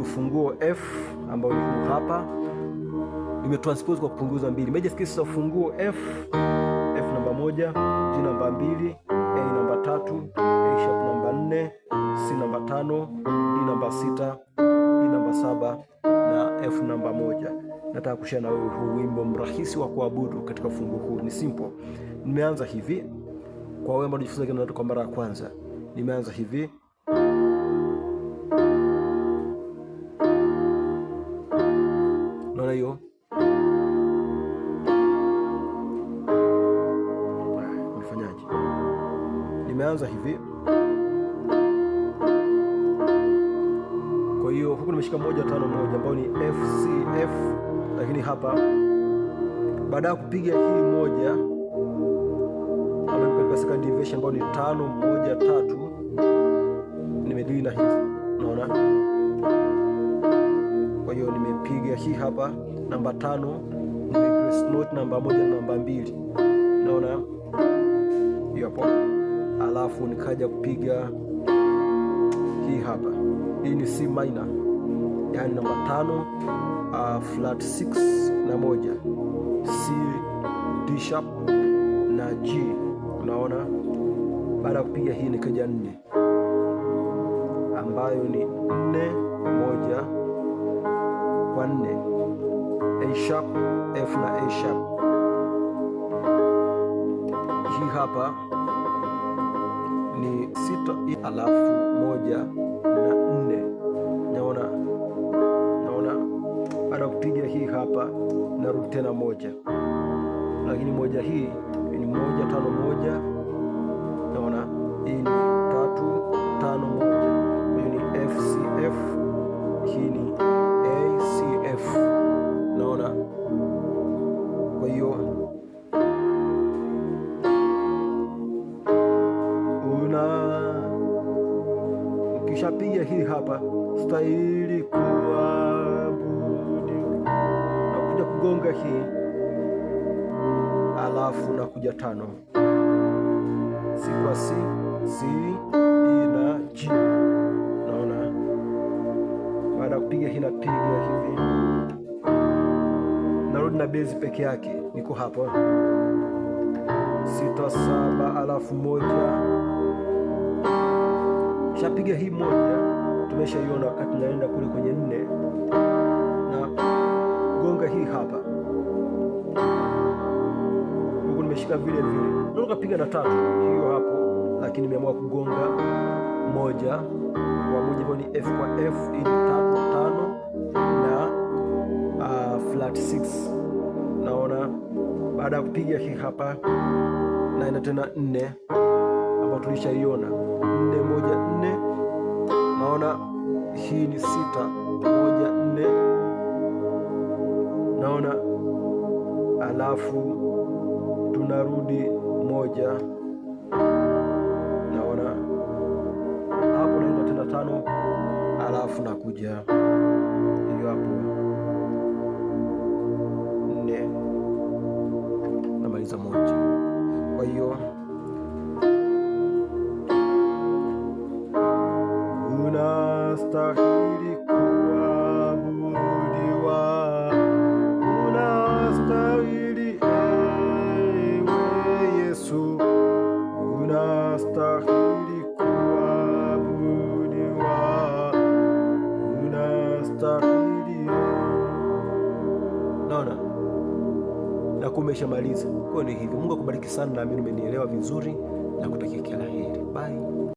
ufunguo F ambao ni hapa, imetranspose kwa kupunguza mbili. Major scale za ufunguo F, F namba moja, G namba mbili, A namba tatu, A sharp namba nne, C namba tano, D namba sita, D e namba saba na F namba moja. Nataka kushare na wewe huu wimbo mrahisi wa kuabudu katika ufunguo huu, ni simple. Nimeanza hivi kwa wewe ambao unajifunza kwa mara ya kwanza, nimeanza hivi imeanza hivi. Kwa hiyo huku nimeshika moja tano moja ambayo ni F C F, lakini hapa baada ya kupiga hii moja katika second division ambayo ni tano moja tatu nimedili na hizi, unaona. Kwa hiyo nimepiga hii hapa namba tano, nime note namba moja namba mbili, unaona hiyo hapo alafu nikaja kupiga hii hapa. Hii ni C minor, yani namba tano, uh, flat 6 na moja, C D sharp na G. Unaona, baada ya kupiga hii nikaja nne, ambayo ni nne moja kwa nne, A sharp F na A sharp. Hii hapa ni sita alafu moja na nne. Naona naona baada kupiga hii hapa, narudi tena moja, lakini moja hii ni moja tano moja. Naona hii ni tatu tano moja, hiyo ni FCF, hii ni ACF. Naona kwa hiyo kisha piga hii hapa, stahili kuabudu, nakuja kugonga hii, alafu nakuja tano, si kwa si si ina ji. Naona baada ya kupiga hii napiga hivi, narudi na bezi peke yake, niko hapa sita saba, alafu moja Shapiga hii moja, tumeshaiona wakati naenda kule kwenye nne, na gonga hii hapa huku, nimeshika vile vile, kapiga na tatu hiyo hapo, lakini nimeamua kugonga moja kwa moja, ni F kwa F, ili tatu tano na uh, flat 6 naona. Baada ya kupiga hii hapa, naenda tena nne ambayo tulishaiona nne naona hii ni sita moja nne, naona alafu tunarudi moja, naona hapo naenda tena tano, alafu nakuja hiyo hapo nne, namaliza moja, kwa hiyo na kumbe shamaliza. Kwa ni hivyo. Mungu akubariki sana, naamini umenielewa vizuri na kutakia kila heri. Bye.